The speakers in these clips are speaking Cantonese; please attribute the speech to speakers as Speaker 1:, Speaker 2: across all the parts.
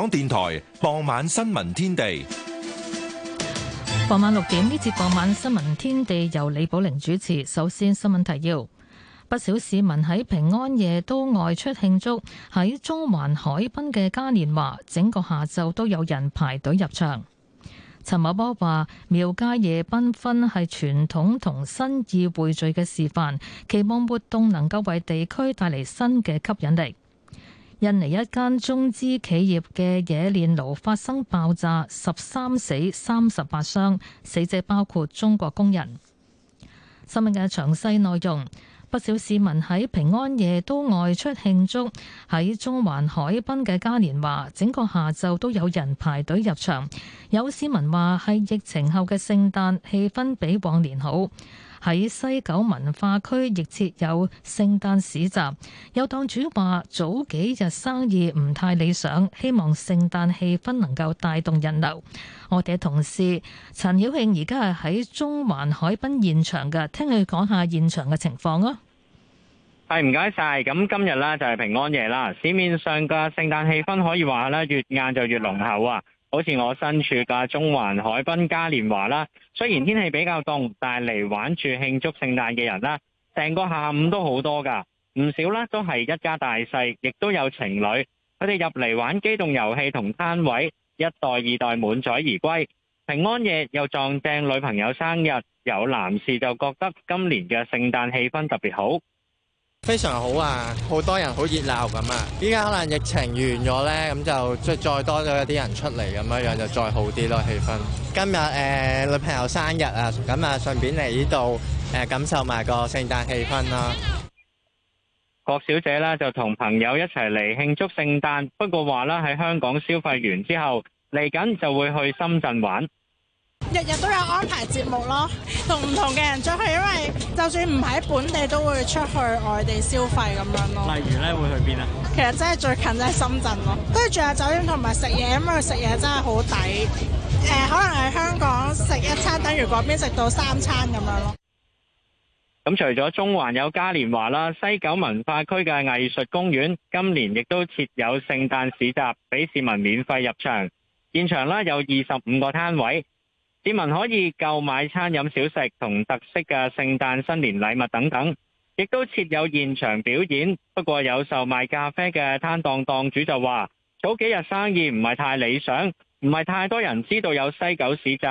Speaker 1: 港電台傍晚新聞天地。
Speaker 2: 傍晚六點呢節傍晚新聞天地由李寶玲主持。首先新聞提要：不少市民喺平安夜都外出慶祝，喺中環海濱嘅嘉年華，整個下晝都有人排隊入場。陳茂波話：廟街夜繽紛係傳統同新意匯聚嘅示範，期望活動能夠為地區帶嚟新嘅吸引力。印尼一間中資企業嘅冶煉爐發生爆炸，十三死三十八傷，死者包括中國工人。新聞嘅詳細內容，不少市民喺平安夜都外出慶祝。喺中環海濱嘅嘉年華，整個下晝都有人排隊入場。有市民話係疫情後嘅聖誕氣氛比往年好。喺西九文化區亦設有聖誕市集，有檔主話早幾日生意唔太理想，希望聖誕氣氛能夠帶動人流。我哋嘅同事陳曉慶而家係喺中環海濱現場嘅，聽佢講下現場嘅情況啊！
Speaker 3: 係，唔該晒，咁今日咧就係平安夜啦，市面上嘅聖誕氣氛可以話咧越晏就越濃厚啊！好似我身處嘅中環海濱嘉年華啦，雖然天氣比較凍，但係嚟玩住慶祝聖誕嘅人啦，成個下午都好多噶，唔少啦，都係一家大細，亦都有情侶，佢哋入嚟玩機動遊戲同攤位，一代二代滿載而歸。平安夜又撞正女朋友生日，有男士就覺得今年嘅聖誕氣氛特別好。非常好啊，好多人，好熱鬧咁啊！依家可能疫情完咗呢，咁就即係再多咗一啲人出嚟，咁樣樣就再好啲咯，氣氛。今日誒，女朋友生日啊，咁啊，順便嚟呢度誒，感受埋個聖誕氣氛啦。郭小姐啦就同朋友一齊嚟慶祝聖誕，不過話啦喺香港消費完之後，嚟緊就會去深圳玩。日
Speaker 2: 日都有安排節目咯，同唔同嘅人再去，因為。就算唔喺本地，都會出去外地消費咁
Speaker 3: 樣咯。例如咧，會去邊啊？
Speaker 2: 其實真係最近就係深圳咯，跟住住下酒店同埋食嘢咁
Speaker 4: 啊！食嘢真係好抵，誒、呃、可能喺香港食一餐，等於嗰邊食到三餐咁樣
Speaker 3: 咯。咁、嗯、除咗中環有嘉年華啦，西九文化區嘅藝術公園今年亦都設有聖誕市集，俾市民免費入場。現場咧有二十五個攤位。市民可以購買餐飲小食同特色嘅聖誕新年禮物等等，亦都設有現場表演。不過有售賣咖啡嘅攤檔檔主就話，早幾日生意唔係太理想，唔係太多人知道有西九市集。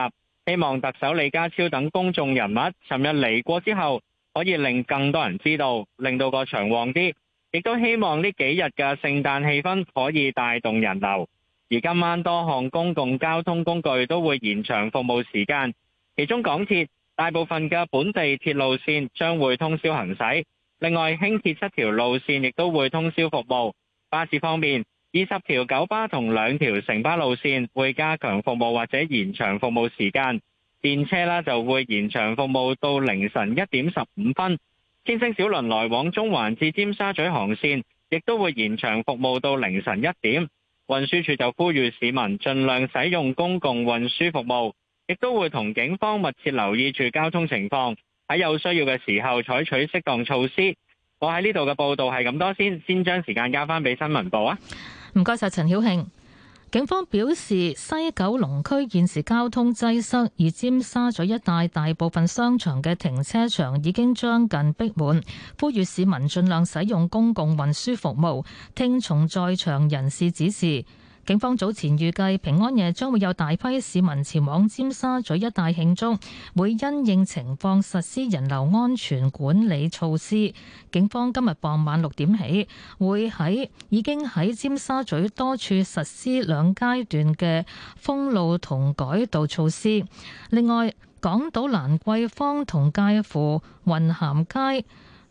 Speaker 3: 希望特首李家超等公眾人物尋日嚟過之後，可以令更多人知道，令到個場旺啲。亦都希望呢幾日嘅聖誕氣氛可以帶動人流。而今晚多項公共交通工具都會延長服務時間，其中港鐵大部分嘅本地鐵路線將會通宵行駛，另外輕鐵七條路線亦都會通宵服務。巴士方面，二十條九巴同兩條城巴路線會加強服務或者延長服務時間。電車啦就會延長服務到凌晨一點十五分。天星小輪來往中環至尖沙咀航線亦都會延長服務到凌晨一點。運輸處就呼籲市民盡量使用公共運輸服務，亦都會同警方密切留意住交通情況，喺有需要嘅時候採取適當措施。我喺呢度嘅報道係咁多先，先將時間交翻俾新聞部啊！唔該晒
Speaker 2: 陳曉慶。陳曉慶警方表示，西九龍區現時交通擠塞，而尖沙咀一帶大部分商場嘅停車場已經將近逼滿，呼籲市民儘量使用公共運輸服務，聽從在場人士指示。警方早前預計平安夜將會有大批市民前往尖沙咀一帶慶祝，會因應情況實施人流安全管理措施。警方今日傍晚六點起，會喺已經喺尖沙咀多處實施兩階段嘅封路同改道措施。另外，港島蘭桂坊同介乎雲咸街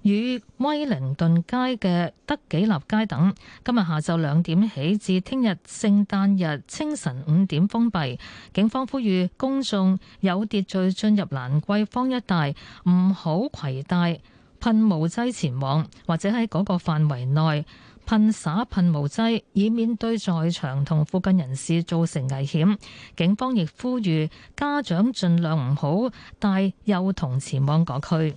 Speaker 2: 與威靈頓街嘅德幾立街等，今日下晝兩點起至聽日聖誕日清晨五點封閉。警方呼籲公眾有秩序進入蘭桂坊一帶，唔好攜帶噴霧劑前往，或者喺嗰個範圍內噴灑噴霧劑，以免對在場同附近人士造成危險。警方亦呼籲家長盡量唔好帶幼童前往嗰區。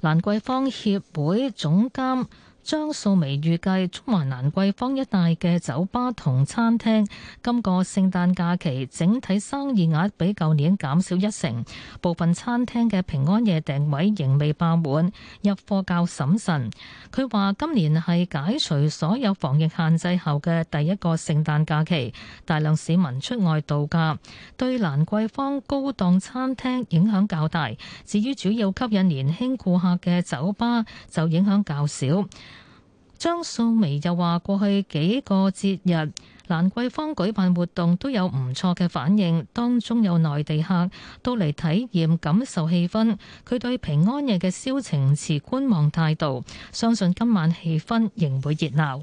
Speaker 2: 蘭桂坊協會總監，張素眉預計中環蘭桂坊一帶嘅酒吧同餐廳今個聖誕假期整體生意額比舊年減少一成，部分餐廳嘅平安夜訂位仍未爆滿，入貨較審慎。佢話今年係解除所有防疫限制後嘅第一個聖誕假期，大量市民出外度假，對蘭桂坊高檔餐廳影響較大。至於主要吸引年輕顧客嘅酒吧就影響較少。張素眉又話：過去幾個節日，蘭桂坊舉辦活動都有唔錯嘅反應，當中有內地客到嚟體驗感受氣氛。佢對平安夜嘅銷情持觀望態度，相信今晚氣氛仍會熱鬧。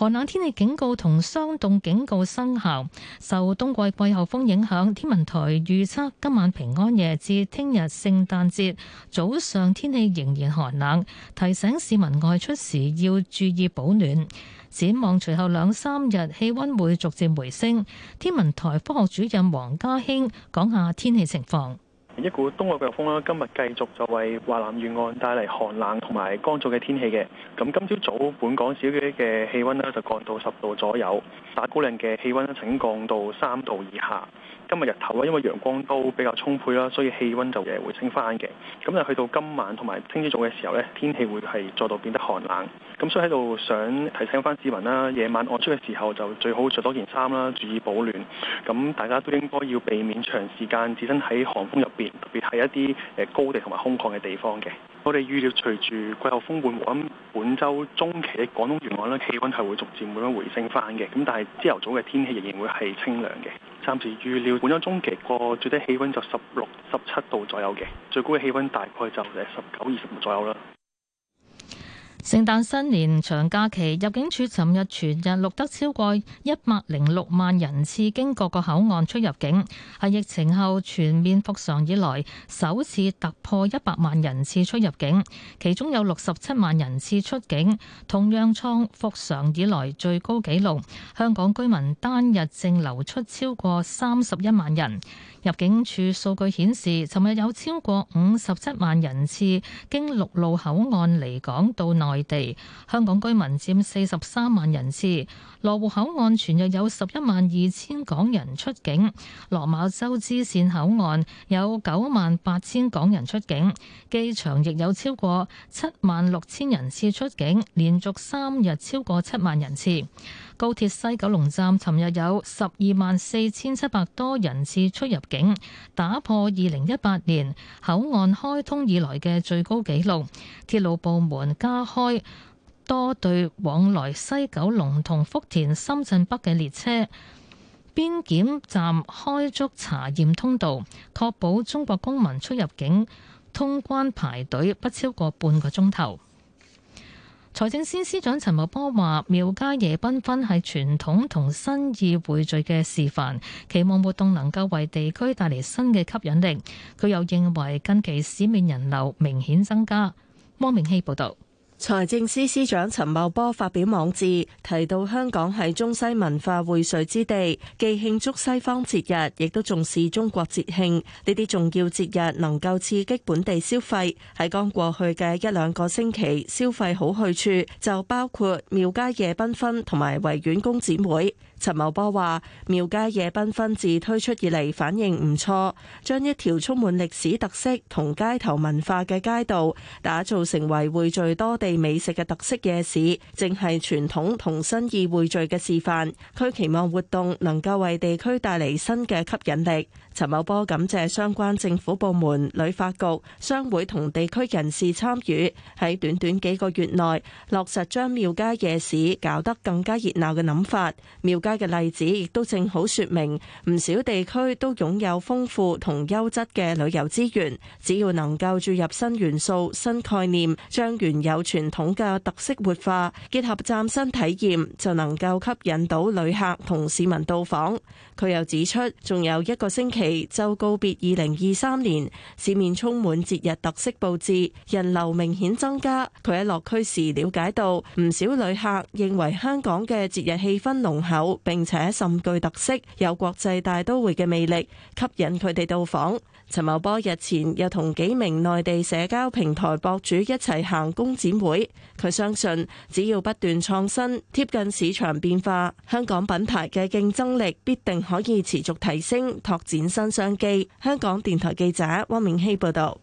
Speaker 2: 寒冷天氣警告同霜凍警告生效，受冬季季候風影響，天文台預測今晚平安夜至聽日聖誕節早上天氣仍然寒冷，提醒市民外出時要注意保暖。展望隨後兩三日氣温會逐漸回升。天文台科學主任黃家興講下天氣情況。
Speaker 3: 一股東亞季風啦，今日繼續就為華南沿岸帶嚟寒冷同埋乾燥嘅天氣嘅。咁今朝早，早本港市區嘅氣温呢就降到十度左右，打鼓嶺嘅氣温呢請降到三度以下。今日日頭咧因為陽光都比較充沛啦，所以氣温就會回升返嘅。咁就去到今晚同埋聽朝早嘅時候呢，天氣會係再度變得寒冷。咁所以喺度想提醒翻市民啦，啊，夜晚外出嘅時候就最好着多件衫啦，注意保暖。咁大家都應該要避免長時間置身喺寒風入邊，特別係一啲誒高地同埋空曠嘅地方嘅。我哋預料隨住季候風緩和，咁本周中期嘅廣東沿岸呢，氣温係會逐漸咁樣回升翻嘅。咁但係朝頭早嘅天氣仍然會係清涼嘅。暫時預料本週中期個最低氣温就十六、十七度左右嘅，最高嘅氣温大概就十九、二十度左右啦。
Speaker 2: 聖誕新年長假期，入境處尋日全日錄得超過一百零六萬人次經各個口岸出入境，係疫情後全面復常以來首次突破一百萬人次出入境，其中有六十七萬人次出境，同樣創復常以來最高紀錄。香港居民單日淨流出超過三十一萬人。入境處數據顯示，尋日有超過五十七萬人次經陸路口岸離港到內地，香港居民佔四十三萬人次。羅湖口岸全日有十一萬二千港人出境，落馬洲支線口岸有九萬八千港人出境，機場亦有超過七萬六千人次出境，連續三日超過七萬人次。高鐵西九龍站尋日有十二萬四千七百多人次出入境，打破二零一八年口岸開通以來嘅最高紀錄。鐵路部門加開多對往來西九龍同福田、深圳北嘅列車，邊檢站開足查驗通道，確保中國公民出入境通關排隊不超過半個鐘頭。財政司司長陳茂波話：廟街夜繽紛係傳統同新意匯聚嘅示範，期望活動能夠為地區帶嚟新嘅吸引力。佢又認為近期市面人流明顯增加。汪明希報導。
Speaker 5: 財政司司長陳茂波發表網誌，提到香港係中西文化薈萃之地，既慶祝西方節日，亦都重視中國節慶。呢啲重要節日能夠刺激本地消費。喺剛過去嘅一兩個星期，消費好去處就包括廟街夜繽紛同埋維園工展會。陳茂波話：廟街夜繽紛自推出以嚟，反應唔錯，將一條充滿歷史特色同街頭文化嘅街道打造成為匯聚多地美食嘅特色夜市，正係傳統同新意匯聚嘅示範區。期望活動能夠為地區帶嚟新嘅吸引力。陳茂波感謝相關政府部門、旅發局、商會同地區人士參與，喺短短幾個月內落實將廟街夜市搞得更加熱鬧嘅諗法。廟街嘅例子亦都正好說明，唔少地區都擁有豐富同優質嘅旅遊資源，只要能夠注入新元素、新概念，將原有傳統嘅特色活化，結合嶄新體驗，就能夠吸引到旅客同市民到訪。佢又指出，仲有一個星期就告別二零二三年，市面充滿節日特色佈置，人流明顯增加。佢喺落區時了解到，唔少旅客認為香港嘅節日氣氛濃厚，並且甚具特色，有國際大都會嘅魅力，吸引佢哋到訪。陳茂波日前又同幾名內地社交平台博主一齊行工展會，佢相信只要不斷創新、貼近市場變化，香港品牌嘅競爭力必定可以持續提升、拓展新商機。香港電台記
Speaker 2: 者汪明熙報道。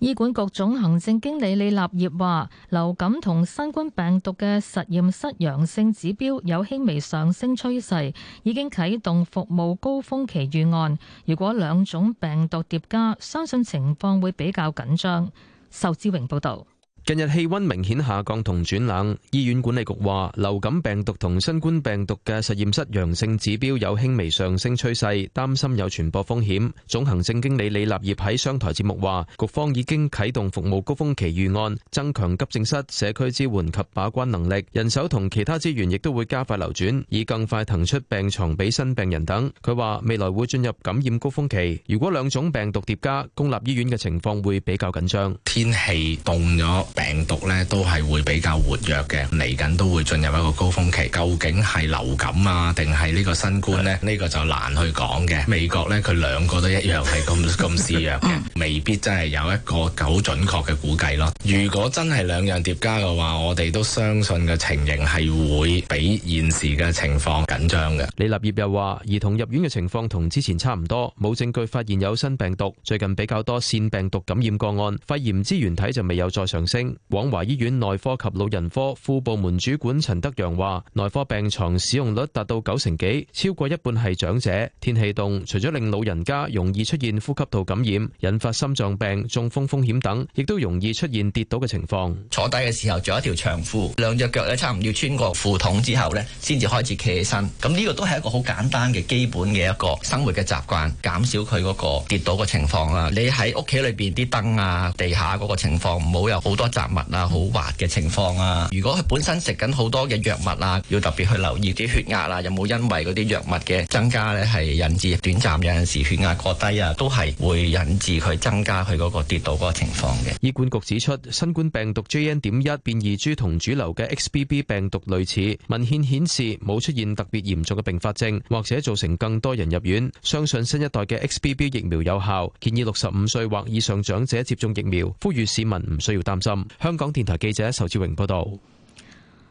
Speaker 2: 醫管局總行政經理李立業話：流感同新冠病毒嘅實驗室陽性指標有輕微上升趨勢，已經啟動服務高峰期預案。如果兩種病毒疊加，相信情況會比較緊張。仇志榮報道。
Speaker 6: 近日氣溫明顯下降同轉冷，醫院管理局話流感病毒同新冠病毒嘅實驗室陽性指標有輕微上升趨勢，擔心有傳播風險。總行政經理李立業喺商台節目話，局方已經啟動服務高峰期預案，增強急症室、社區支援及把關能力，人手同其他資源亦都會加快流轉，以更快騰出病床俾新病人等。佢話未來會進入感染高峰期，如果兩種病毒疊加，公
Speaker 3: 立醫院嘅情況會比較
Speaker 6: 緊張。天氣
Speaker 3: 凍咗。病毒咧都係會比較活躍嘅，嚟緊都會進入一個高峰期。究竟係流感啊，定係呢個新冠呢？呢個就難去講嘅。美國呢，佢兩個都一樣係咁咁似嘅，未必真係有一個好準確嘅估計咯。如果真係兩樣疊加嘅話，我哋都相信嘅情形係會比現時嘅情況緊張
Speaker 2: 嘅。
Speaker 6: 李立業又話：兒童入院嘅情況同之前差唔多，冇證據發現有新病毒。最近比較多腺病毒感染個案，肺炎支原體就未有再上升。廣華醫院內科及老人科副部門主管陳德陽話，內科病床使用率達到九成幾，超過一半係長者。天氣凍，除咗令老人家容易出現呼吸道感染、引發心臟病、中風風險等，亦都容易出現跌倒嘅情況。
Speaker 3: 坐低嘅時候仲有一條長褲，兩隻腳咧差唔多穿過褲筒之後咧，先至開始企起身。咁呢個都係一個好簡單嘅基本嘅一個生活嘅習慣，減少佢嗰個跌倒嘅情況啦。你喺屋企裏邊啲燈啊、地下嗰個情況，唔好有好多，雜物啊，好滑嘅情況啊。如果佢本身食緊好多嘅藥物啊，要特別去留意啲血壓啊，有冇因為嗰啲藥物嘅增加咧，係引致短暫有陣時血壓過低啊，都係會引致佢增加佢嗰個跌倒嗰個情況嘅。
Speaker 6: 醫管局指出，新冠病毒 JN. 點一變異株同主流嘅 XBB 病毒類似，文獻顯示冇出現特別嚴重嘅併發症，或者造成更多人入院。相信新一代嘅 XBB 疫苗有效，建議六十五歲或以上長者接種疫苗。呼籲市民唔需要擔心。香港電台記者仇志榮報道。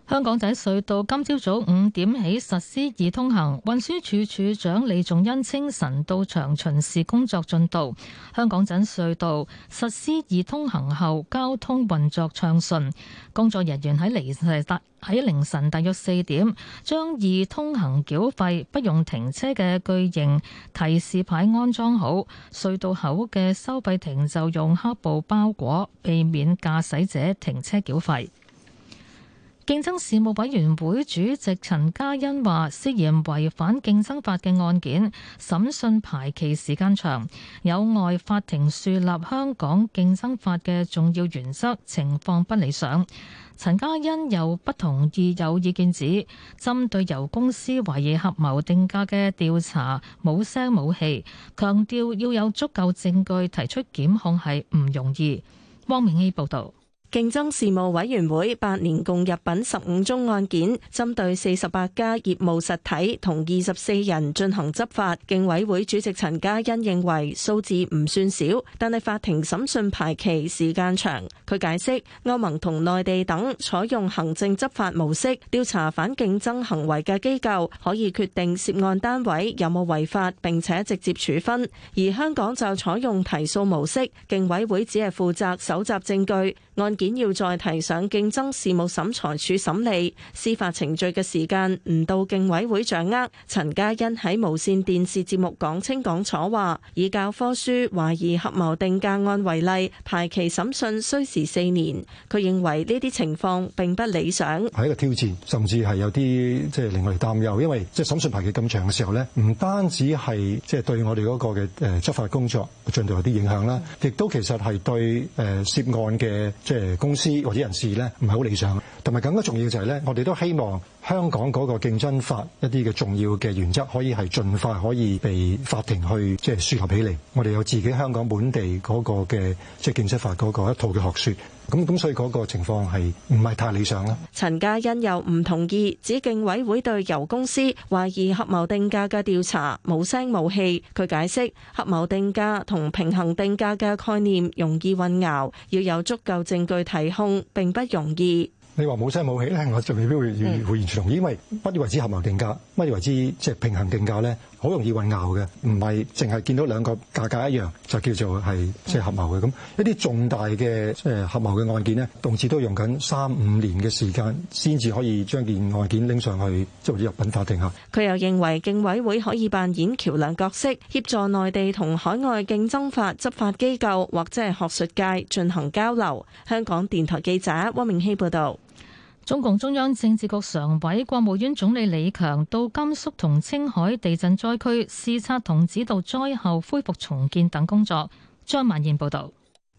Speaker 2: 香港仔隧道今朝早五點起實施易通行，運輸處處長李仲恩清晨到場巡視工作進度。香港仔隧道實施易通行後，交通運作暢順。工作人員喺凌晨大約四點，將易通行繳費不用停車嘅巨型提示牌安裝好，隧道口嘅收費亭就用黑布包裹，避免駕駛者停車繳費。競爭事務委員會主席陳嘉欣話：涉嫌違反競爭法嘅案件審訊排期時間長，有礙法庭樹立香港競爭法嘅重要原則，情況不理想。陳嘉欣又不同意有意見指針對由公司懷疑合謀定價嘅調查冇聲冇氣，強調要有足夠證據提出檢控係唔容易。汪明熙報導。競爭事務委員
Speaker 5: 會八年共入禀十五宗案件，針對四十八家業務實體同二十四人進行執法。競委會主席陳家欣認為數字唔算少，但係法庭審訊排期時間長。佢解釋，歐盟同內地等採用行政執法模式調查反競爭行為嘅機構，可以決定涉案單位有冇違法，並且直接處分；而香港就採用提訴模式，競委會只係負責搜集證據、按。簡要再提上競爭事務審裁處審理司法程序嘅時間唔到競委會掌握。陳家欣喺無線電視節目講清講楚話，以教科書懷疑合謀定價案為例，排期審訊需時四年。佢認為呢啲情況並不理想，
Speaker 1: 係一個挑戰，甚至係有啲即係令我哋擔憂，因為即係審訊排期咁長嘅時候呢，唔單止係即係對我哋嗰個嘅誒執法工作進度有啲影響啦，亦都其實係對誒涉案嘅即係。公司或者人士咧，唔係好理想，同埋更加重要就係咧，我哋都希望。香港嗰個競爭法一啲嘅重要嘅原則可以係盡快可以被法庭去即係說合起嚟，我哋有自己香港本地嗰個嘅即係競爭法嗰個一套嘅學說，咁咁所以嗰個情況，係唔係太理想啦？
Speaker 5: 陳嘉欣又唔同意指競委會對油公司懷疑合謀定價嘅調查冇聲冇氣，佢解釋合謀定價同平行定價嘅概念容易混淆，要有足夠證據提控並不容易。
Speaker 1: 你話冇聲冇氣咧，我就未必會會，會完全同意。因為乜嘢為之合謀定價，乜嘢為之即係平衡定價咧？好容易混淆嘅，唔係淨係見到兩個價格,格一樣，就叫做係即係合謀嘅咁，一啲重大嘅即合謀嘅案件咧，動輒都用緊三五年嘅時間先至可以將件案件拎上去即係、就是、入稟法庭下。
Speaker 5: 佢又認為，競委會可以扮演橋梁角色，協助內地同海外競爭法執法機構或者係學術界進行交流。香港電台記者汪明希報
Speaker 2: 道。中共中央政治局常委、國務院總理李強到甘肅同青海地震災區視察同指導災後恢復重建等工作。張曼燕報道，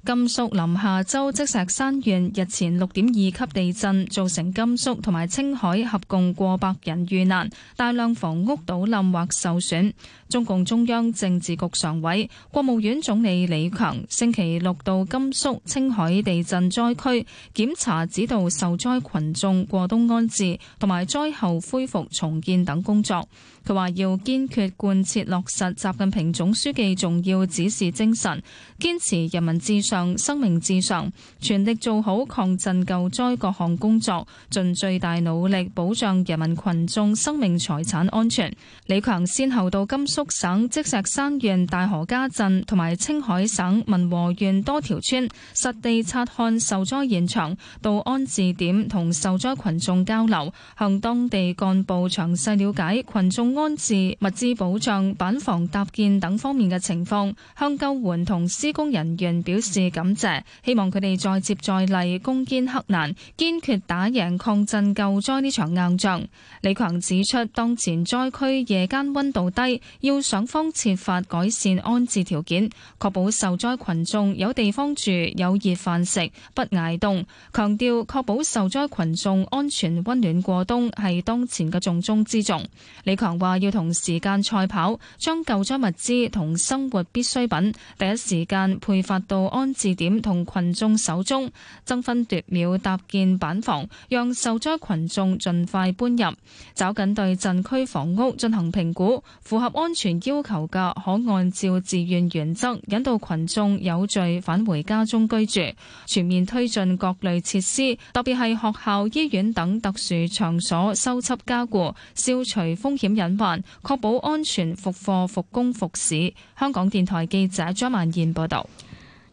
Speaker 2: 甘肅臨夏州積石山縣日前六點二級
Speaker 4: 地震，造成甘肅同埋青海合共過百人遇難，大量房屋倒冧或受損。中共中央政治局常委、國務院總理李強星期六到甘肅、青海地震災區檢查指導受災羣眾過冬安置同埋災後恢復重建等工作。佢話要堅決貫徹落實習近平總書記重要指示精神，堅持人民至上、生命至上，全力做好抗震救災各項工作，盡最大努力保障人民羣眾生命財產安全。李強先後到甘肅。福建省積石山縣大河家鎮同埋青海省民和縣多條村實地察看受災現場，到安置點同受災群眾交流，向當地幹部詳細了解群眾安置、物資保障、板房搭建等方面嘅情況，向救援同施工人員表示感謝，希望佢哋再接再厲，攻堅克難，堅決打贏抗震救災呢場硬仗。李強指出，當前災區夜間溫度低，要要想方設法改善安置條件，確保受災群眾有地方住、有熱飯食、不挨凍。強調確保受災群眾安全温暖過冬係當前嘅重中之重。李強話要同時間賽跑，將救災物資同生活必需品第一時間配發到安置點同群眾手中，爭分奪秒搭建板房，讓受災群眾盡快搬入。抓緊對震區房屋進行評估，符合安全要求嘅可按照自願原則引導群眾有序返回家中居住，全面推進各類設施，特別係學校、醫院等特殊場所修葺加固、消除風險隱患，確保安全復課、復工、復市。香港電台記者張曼燕報道。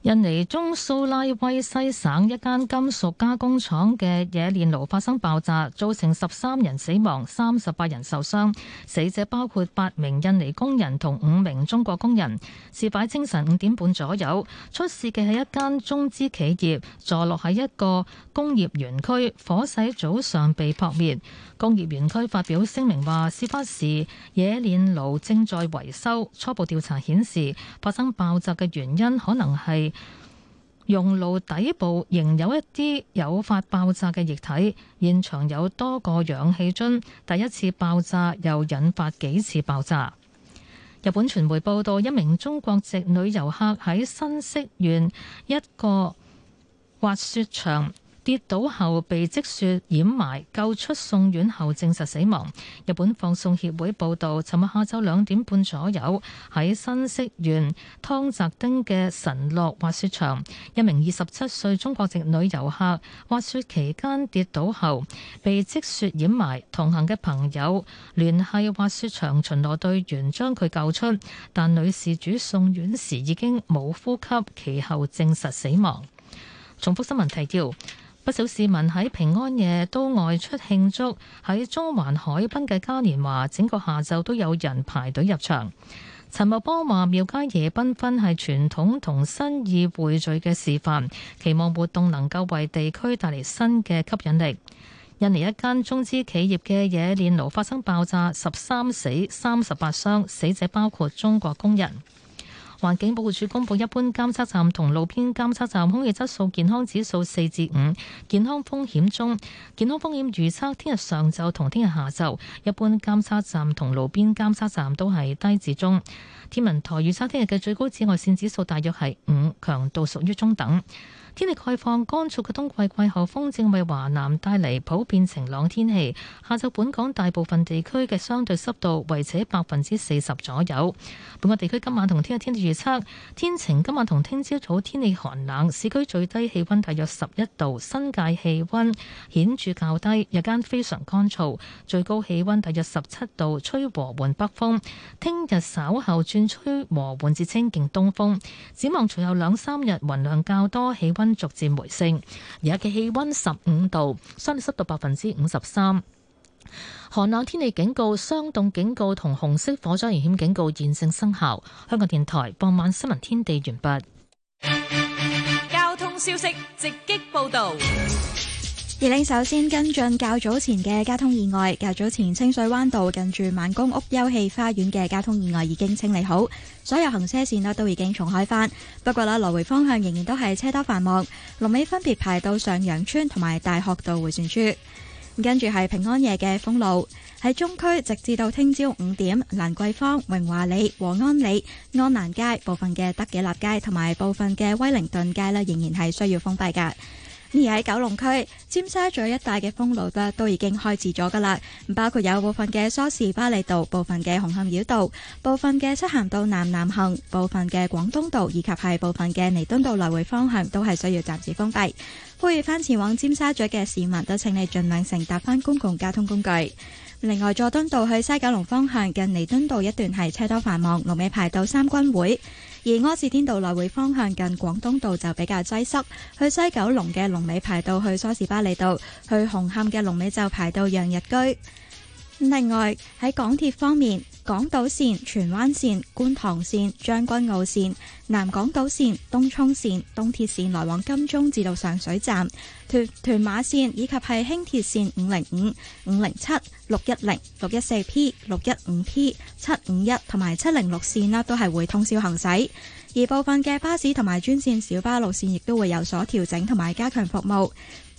Speaker 2: 印尼中蘇拉威西省一間金屬加工廠嘅冶煉爐發生爆炸，造成十三人死亡、三十八人受傷。死者包括八名印尼工人同五名中國工人。事發清晨五點半左右，出事嘅係一間中資企業，坐落喺一個工業園區。火勢早上被撲滅。工業園區發表聲明話，事發時冶煉爐正在維修。初步調查顯示，發生爆炸嘅原因可能係熔爐底部仍有一啲有發爆炸嘅液體，現場有多個氧氣樽，第一次爆炸又引發幾次爆炸。日本傳媒報道，一名中國籍女遊客喺新潟縣一個滑雪場，跌倒後被積雪掩埋，救出送院後證實死亡。日本放送協會報導，尋日下晝兩點半左右，喺新色縣湯澤丁新潟縣湯澤町嘅神樂滑雪場，一名二十七歲中國籍女遊客滑雪期間跌倒後被積雪掩埋，同行嘅朋友聯繫滑雪場巡邏隊員將佢救出，但女事主送院時已經冇呼吸，其後證實死亡。重複新聞提要。不少市民喺平安夜都外出慶祝，喺中環海濱嘅嘉年華，整個下晝都有人排隊入場。陳茂波話：廟街夜繽紛係傳統同新意匯聚嘅示範，期望活動能夠為地區帶嚟新嘅吸引力。印尼一間中資企業嘅冶煉爐發生爆炸，十三死三十八傷，死者包括中國工人。環境保護署公布，一般監測站同路邊監測站空氣質素健康指數四至五，健康風險中。健康風險預測，聽日上晝同聽日下晝，一般監測站同路邊監測站都係低至中。天文台預測，聽日嘅最高紫外線指數大約係五，強度屬於中等。天氣概況，乾燥嘅冬季季候風正為華南帶嚟普遍晴朗天氣。下晝本港大部分地區嘅相對濕度維持喺百分之四十左右。本個地區今晚同聽日天氣預測天晴，今晚同聽朝早天氣寒冷，市區最低氣温大約十一度，新界氣温顯著較低，日間非常乾燥，最高氣温大約十七度，吹和緩北風。聽日稍後轉吹和緩至清勁東風。展望隨後兩三日雲量較多，氣温。逐漸回升，而家嘅氣温十五度，相對濕度百分之五十三。寒冷天氣警告、霜凍警告同紅色火災危險警告現正生效。香港電台傍晚新聞天地完畢。
Speaker 4: 交通消息直擊報道。而家
Speaker 7: 首先跟進較早前嘅交通意外，較早前清水灣道近住孟公屋休憩花園嘅交通意外已經清理好，所有行車線啦都已經重開返。不過啦，來回方向仍然都係車多繁忙，龍尾分別排到上洋村同埋大學道回旋處。跟住係平安夜嘅封路，喺中區直至到聽朝五點，蘭桂坊、榮華里、和安里、安蘭街部分嘅德己立街同埋部分嘅威靈頓街啦，仍然係需要封閉噶。而喺九龍區尖沙咀一帶嘅封路都已經開始咗噶啦，包括有部分嘅梳士巴利道、部分嘅紅磡繞道、部分嘅漆咸道南南行、部分嘅廣東道以及係部分嘅彌敦道來回方向都係需要暫時封閉。呼籲返前往尖沙咀嘅市民都請你盡量乘搭翻公共交通工具。另外，佐敦道去西九龍方向近彌敦道一段係車多繁忙，路尾排到三軍會。而柯士甸道來回方向近廣東道就比較擠塞，去西九龍嘅龍尾排到去梳士巴利道，去紅磡嘅龍尾就排到漾日居。另外喺港鐵方面。港島綫、荃灣綫、觀塘綫、將軍澳綫、南港島綫、東涌綫、東鐵綫來往金鐘至到上水站、屯屯馬綫以及係輕鐵綫五零五、五零七、六一零、六一四 P、六一五 P、七五一同埋七零六綫啦，都係會通宵行駛。而部分嘅巴士同埋專綫小巴路綫亦都會有所調整同埋加強服務。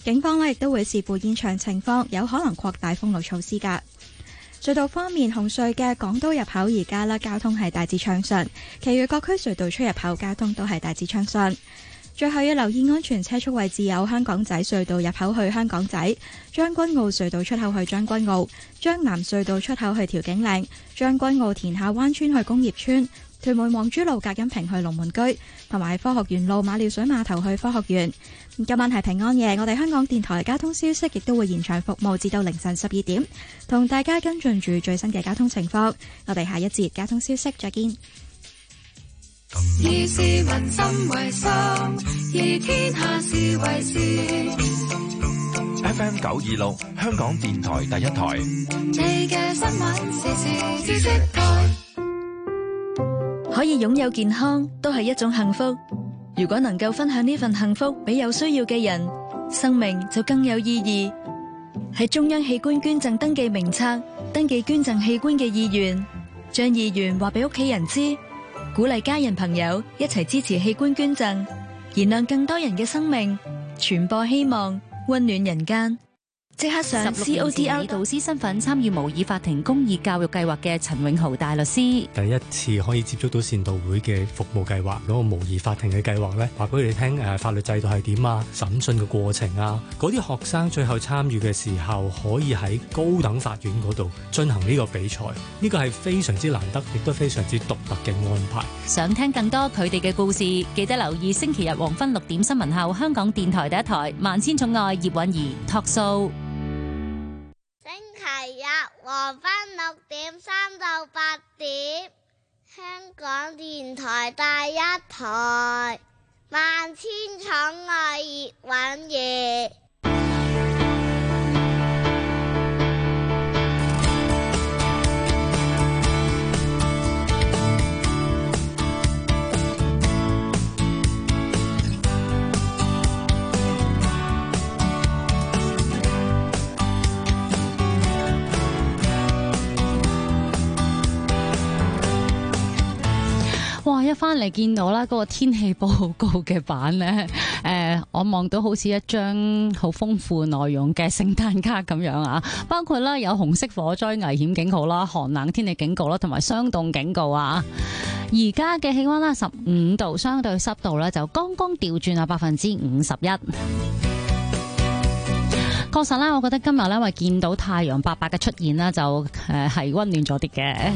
Speaker 7: 警方呢亦都會視乎現場情況，有可能擴大封路措施噶。隧道方面，紅隧嘅港島入口而家啦，交通係大致暢順；其餘各區隧道出入口交通都係大致暢順。最後要留意安全車速位置有：香港仔隧道入口去香港仔、將軍澳隧道出口去將軍澳、將南隧道出口去調景嶺、將軍澳田下灣村去工業村。屯門望珠路隔音屏去龍門居，同埋科學園路馬料水碼頭去科學園。今晚係平安夜，我哋香港電台交通消息亦都會延長服務至到凌晨十二點，同大家跟進住最新嘅交通情況。我哋下一節交通消息再見。
Speaker 2: 以市民心為心，以天下事
Speaker 1: 為事。 FM 九二六，香港電台第一台。你
Speaker 2: 嘅新聞
Speaker 7: 可以擁有健康都係一種幸福。如果能夠分享呢份幸福俾有需要嘅人，生命就更有意義。喺中央器官捐贈登記名冊，登記捐贈器官嘅意願，將意願話俾屋企人知，鼓勵家人朋友一齊支持器官捐贈，燃亮更多人嘅生命，傳播希望，溫暖人間。
Speaker 4: 即刻上 c o t r 導師身份參與模擬法庭公義教育計劃嘅陳永豪大律師，
Speaker 1: 第一次可以接觸到善導會嘅服務計劃嗰個模擬法庭嘅計劃呢，話俾你哋聽誒法律制度係點啊，審訊嘅過程啊，嗰啲學生最後參與嘅時候可以喺高等法院嗰度進行呢個比賽，呢個係非常之難得，亦都非常之獨特嘅安排。
Speaker 4: 想聽更多佢哋嘅故事，記得留意星期日黃昏六點新聞後，香港電台第一台萬千寵愛葉韻儀托數。明日黃昏六點三到八點，香港電台第一台《萬千寵愛熱玩夜》。翻嚟見到啦，嗰個天氣報告嘅版呢，誒、呃,我望到好似一張好豐富內容嘅聖誕卡咁樣啊，包括啦有紅色火災危險警告啦、寒冷天氣警告啦，同埋霜凍警告啊。而家嘅氣溫啦，十五度，相對濕度呢，就剛剛掉轉啊，百分之五十一。確實啦，我覺得今日呢，話見到太陽白白嘅出現啦，就誒係溫暖咗啲嘅。